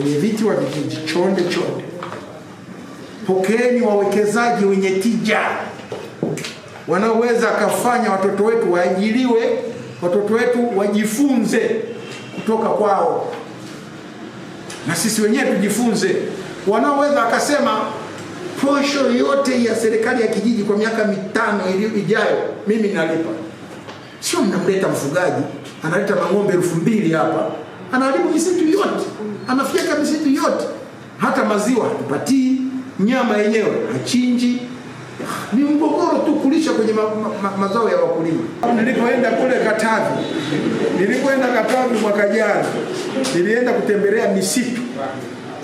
viti wa vijiji chonde chonde, pokeeni wawekezaji wenye tija wanaoweza akafanya watoto wetu waajiriwe, watoto wetu wajifunze kutoka kwao, na sisi wenyewe tujifunze, wanaoweza akasema posho yote ya serikali ya kijiji kwa miaka mitano ijayo mimi nalipa. Sio mnamleta mfugaji analeta mang'ombe elfu mbili hapa anaharibu misitu yote, anafyeka misitu yote, hata maziwa hatupatii, nyama yenyewe hachinji. Ni mgogoro tu kulisha kwenye ma ma ma mazao ya wakulima. Nilipoenda kule Katavi, nilipoenda Katavi mwaka jana, nilienda kutembelea misitu.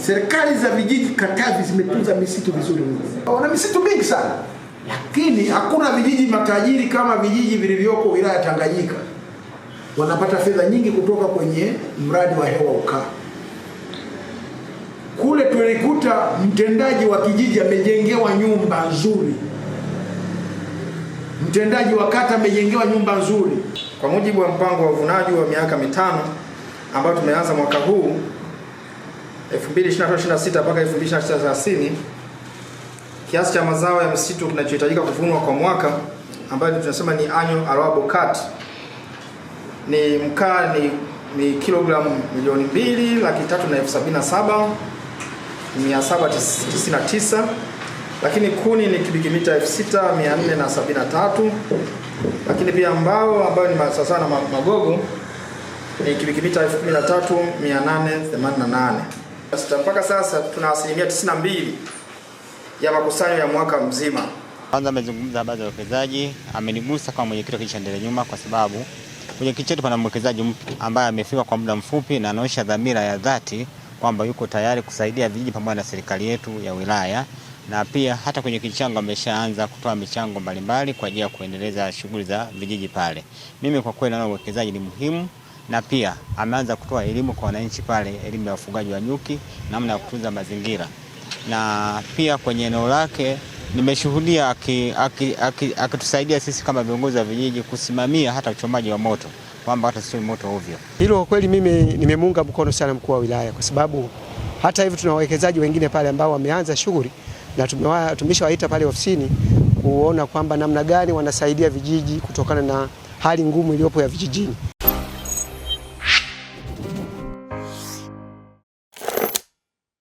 Serikali za vijiji Katavi zimetunza misitu vizuri mno, wana misitu mingi sana, lakini hakuna vijiji matajiri kama vijiji vilivyoko wilaya Tanganyika wanapata fedha nyingi kutoka kwenye mradi wa hewa ukaa. Kule tulikuta mtendaji wa kijiji amejengewa nyumba nzuri, mtendaji wa kata amejengewa nyumba nzuri. Kwa mujibu wa mpango wa uvunaji wa miaka mitano ambao tumeanza mwaka huu 2026 26 mpaka 2030, kiasi cha mazao ya msitu kinachohitajika kuvunwa kwa mwaka ambayo tunasema ni annual allowable cut ni mkaa ni, ni kilogramu milioni mbili laki tatu na elfu sabini na saba mia saba tisini na tisa lakini kuni ni mita elfu sita mia nne na sabini na tatu lakini pia mbao ambayo ni masasana na magogo ni mita elfu kumi na tatu mia nane themanini na nane mpaka sasa tuna asilimia 92 ya makusanyo ya mwaka mzima. Kwanza amezungumza habari za wawekezaji, amenigusa kama mwenyekiti wa kijiji cha Ndele Nyuma kwa sababu Kwenye kiti chetu pana mwekezaji ambaye amefika kwa muda mfupi na anaonyesha dhamira ya dhati kwamba yuko tayari kusaidia vijiji pamoja na serikali yetu ya wilaya, na pia hata kwenye kichango ameshaanza kutoa michango mbalimbali kwa ajili ya kuendeleza shughuli za vijiji pale. Mimi kwa kweli naona uwekezaji ni muhimu, na pia ameanza kutoa elimu kwa wananchi pale, elimu ya ufugaji wa nyuki, namna ya kutunza mazingira, na pia kwenye eneo lake nimeshuhudia akitusaidia aki, aki sisi kama viongozi wa vijiji kusimamia hata uchomaji wa moto kwamba hata sio moto ovyo. Hilo kwa kweli mimi nimemuunga mkono sana mkuu wa wilaya, kwa sababu hata hivi tuna wawekezaji wengine pale ambao wameanza shughuli na tumeshawaita pale ofisini kuona kwamba namna gani wanasaidia vijiji kutokana na hali ngumu iliyopo ya vijijini.